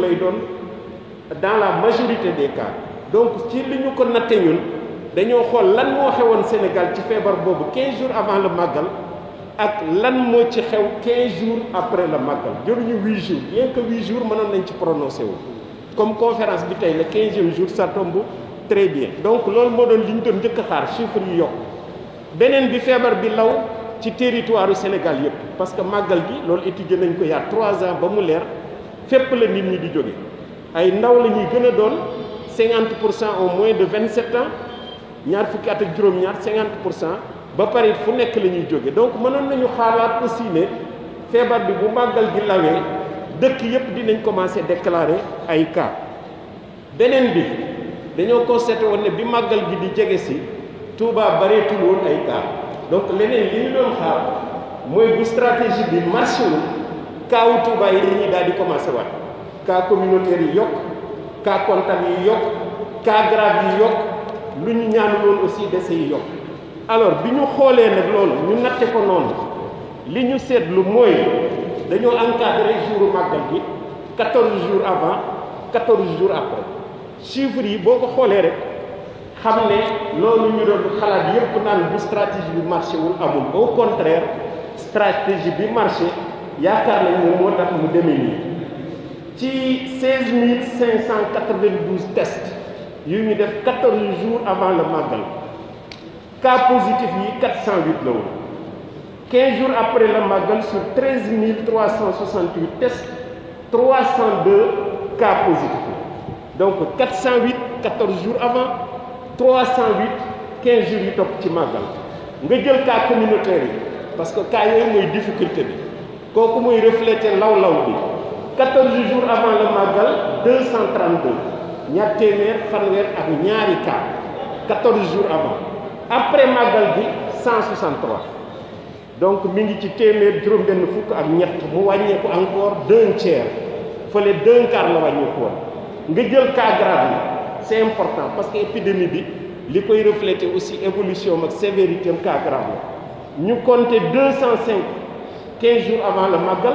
lay doon dans la majorité des cas donc ci li ñu ko natte ñun dañoo xool lan moo xewoon Sénégal ci feebar boobu 15 jours avant le màggal ak lan moo ci xew 15 jours après le màggal jëruñu 8 jours bien jours mënoon nañ ci prononcé wu comme conférence bi tey le 15e jour ça tombe très bien donc loolu moo doon li ñu doon njëkk a xaar chiffre yu yokk beneen bi feebar bi law ci territoire Sénégal yëpp parce que màggal gi loolu étudié nañ ko yaa 3 ans ba mu leer fépp la nit ñi di jóge ay ndaw la ñuy gën a doon cinquante pour cent au moins de vingt sept ans ñaar fukki at ak juróom-ñaar cinquante pour cent ba pare fu nekk la ñuy jóge donc mënoon nañu xaalaat aussi ne feebar bi bu màggal gi lawee dëkk yépp dinañ commencé déclarer ay cas beneen bi dañoo ko constaté woon ne bi màggal gi di jege si Touba bareetul woon ay cas donc leneen li ñu doon xaar mooy bu stratégie bi marché kaawu Touba yi dañuy daal di commencé waat cas communautaire yi yokk cas contact yi yokk cas grave yi yokk lu ñu ñaanu loolu aussi dese yi yokk alors bi ñu xoolee nag loolu ñu natte ko noonu li ñu seetlu mooy dañoo encadré jouru màggal bi 14 jours avant 14 jours après chiffres yi boo ko xoolee rek xam ne loolu ñu doon xalaat yëpp naan bu stratégie bi marché wul amul au contraire stratégie bi marché yaakaar nañ moom moo tax mu demee nii ci 16592 tests yu ñu def 14 jours avant le màggal cas positif yi 408 la woon 15 jours après le màggal sur 13368 tests 302 cas positifs donc 408 14 jours avant 308 15 jours yu topp ci màggal nga jël cas communautaire yi parce que cas yooyu mooy difficulté bi. kooku muy reflété law-law bi 14 jours avant le màggal 232 ñaar téeméer fanweer ak ñaari cas 14 jours avant après màggal bi 163 donc mi ngi ci téeméer juróom-benn fukk ak ñett mu wàññeeku encore d'un tiers fële d'un quart la wàññeeku woon nga jël cas grave yi important parce que épidémie bi li koy reflété aussi évolution ak sévérité am la ñu compté 15 jours avant le màggal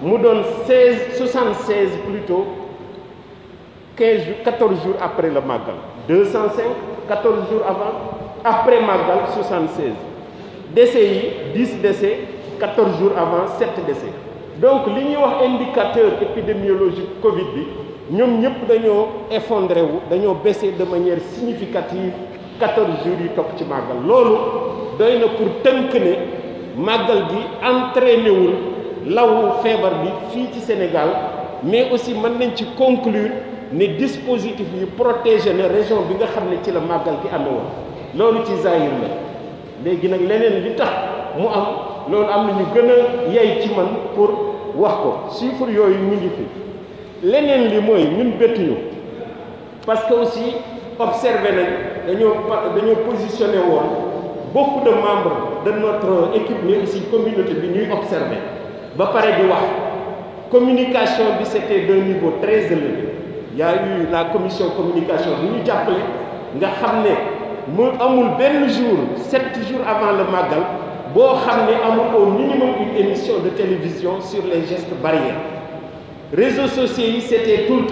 mu doon 16 76 plutôt 15 jours 14 jours après le màggal 205 14 jours avant après màggal 76 décès yi 10 décès 14 jours avant 7 décès donc li ñuy wax indicateur épidémiologique Covid bi ñoom ñëpp dañoo effondré wu dañoo baissé de manière significative 14 jours yi topp ci màggal loolu doy na pour tënk ne. màggal bi entraîné wul lawu feebar bi fii ci Sénégal mais aussi mën nañ ci conclure ne dispositif yi protégé na région bi nga xam ne ci la màggal gi amee loolu ci zahir la léegi nag leneen li tax mu am loolu am na ñu gën a yay ci man pour wax ko chiffre yooyu ñu ngi fi leneen li mooy ñun bettuñu parce que aussi observé nañ dañoo dañoo positionné woon beaucoup de membres de notre équipe ñooy ici communauté bi ñuy observer ba pare bi wax communication bi c'était d'un niveau très élevé y la commission communication bi ñu jàppale nga xam ne mu amul benn jour sept jours avant le màggal boo xam ne amul au minimum une émission de télévision sur les gestes barrières réseaux sociaux yi c'était tout le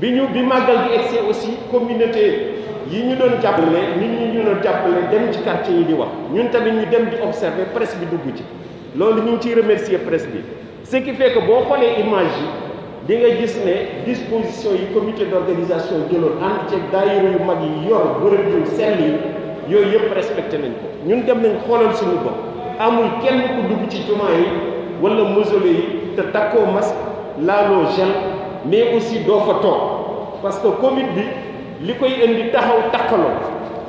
bi ñu bi màggal bi egsee aussi communauté yi ñu doon jàppale nit ñi ñu doon jàppale dem ci quartier yi di wax ñun tamit ñu dem di observer press bi dugg ci loolu ñu ngi ciy remercier presse bi ce qui fait que boo xoolee image yi di nga gis ne disposition yi comité d'organisation jëloon ànd ceeg daayira yu mag yi yor bërëb yu sell yi yooyu yëpp respecté nañ ko ñun dem nañ xoolal suñu bopp amul kenn ku dugg ci jumaa yi walla mosole yi te takkoo masque laaloo gel mais aussi doo fa toog parce que Covid bi li koy indi taxaw takkaloo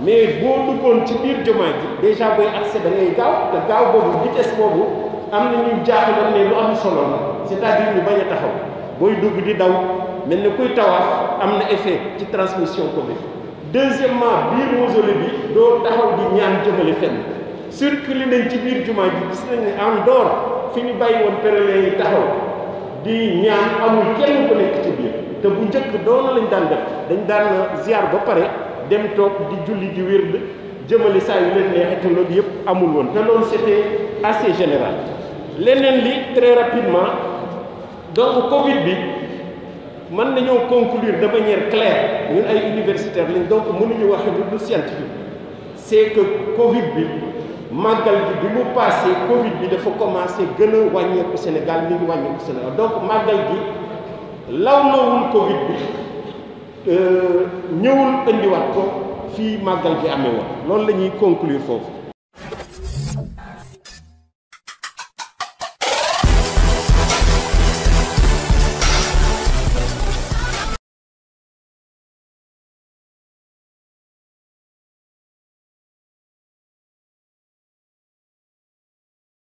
mais boo duggoon ci biir jumaa ji déjà booy accès da ngay gaaw te gaaw boobu vitesse boobu am na ñuy jaaxle mais lu am solo la c'est-à-dire ñu bañ a taxaw booy dugg di daw mel ni kuy tawaaf am na effet ci transmission Covid. deuxièmement biir mausolée bi doo taxaw di ñaan jëmale fenn circulé nañ ci biir jumaa ji gis nañ ne en dehors fi ñu bàyyi woon pèlerins yi taxaw di ñaan amul kenn ku nekk ci biir te bu njëkk doona lañ daan def dañ daan ziar ba pare dem toog di julli di wér jëmali saa yu leen neexee te loolu yëpp amul woon te loolu c'était assez général leneen li très rapidement donc Covid bi mën nañoo conclure de manière claire ñun ay universitaires lañ donc mënuñu wax lu du scientifique c'est que Covid bi màggal gi bi mu passé Covid bi dafa commencé gën a wàññeeku Sénégal mi ngi wàññeeku Sénégal donc màggal gi law nawul Covid bi euh, ñëwul indiwaat ko fii màggal gi amee woon loolu la ñuy conclure foofu.